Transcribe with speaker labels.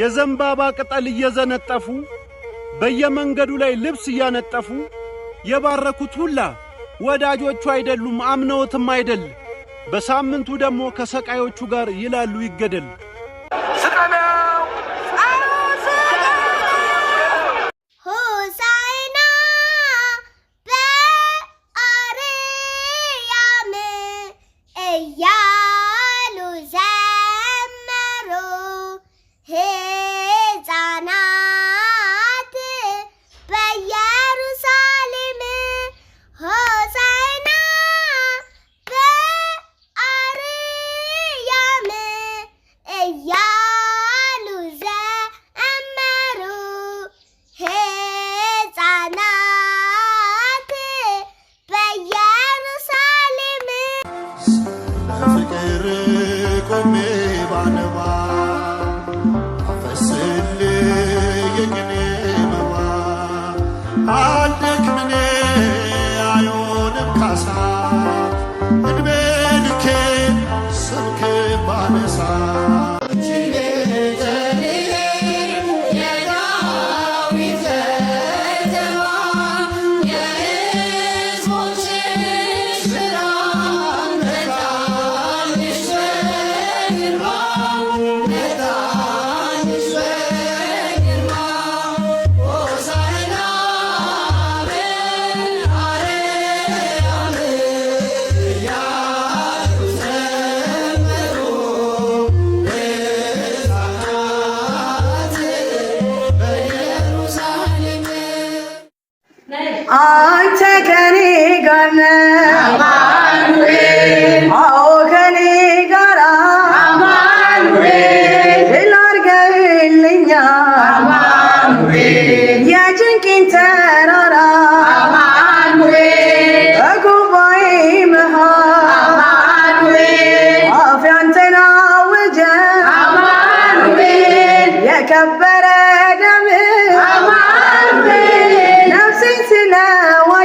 Speaker 1: የዘንባባ ቅጠል እየዘነጠፉ በየመንገዱ ላይ ልብስ እያነጠፉ የባረኩት ሁላ ወዳጆቹ አይደሉም፣ አምነውትም አይደል። በሳምንቱ ደግሞ ከሰቃዮቹ ጋር ይላሉ ይገደል
Speaker 2: ስቀለ
Speaker 3: አለክ ምን
Speaker 4: Yeah.
Speaker 5: አንተ ከኔ ጋር ነህ፣ አዎ ከኔ ጋር ድል አድርገህልኛል የጭንቄን